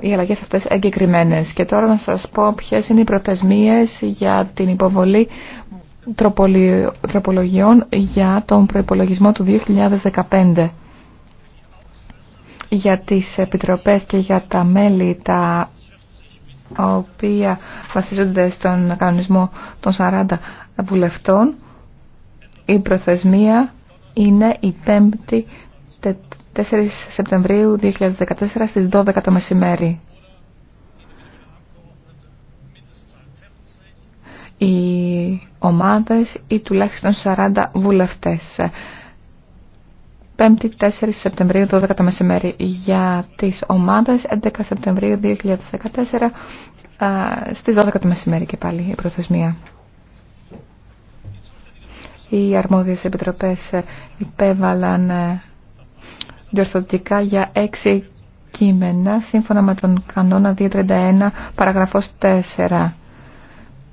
οι αλλαγές αυτές εγκεκριμένες. Και τώρα να σας πω ποιες είναι οι προθεσμίες για την υποβολή τροπολογιών για τον προϋπολογισμό του 2015. Για τις επιτροπές και για τα μέλη τα οποία βασίζονται στον κανονισμό των 40 βουλευτών, η προθεσμία είναι η 5η 4 Σεπτεμβρίου 2014 στις 12 το μεσημέρι. Οι ομάδες ή τουλάχιστον 40 βουλευτές. 4 Σεπτεμβρίου 12 το μεσημέρι για τις ομάδες 11 Σεπτεμβρίου 2014 στις 12 το μεσημέρι και πάλι η προθεσμία. Οι αρμόδιες επιτροπές υπέβαλαν ε, διορθωτικά για έξι κείμενα σύμφωνα με τον κανόνα 231 παραγραφός 4.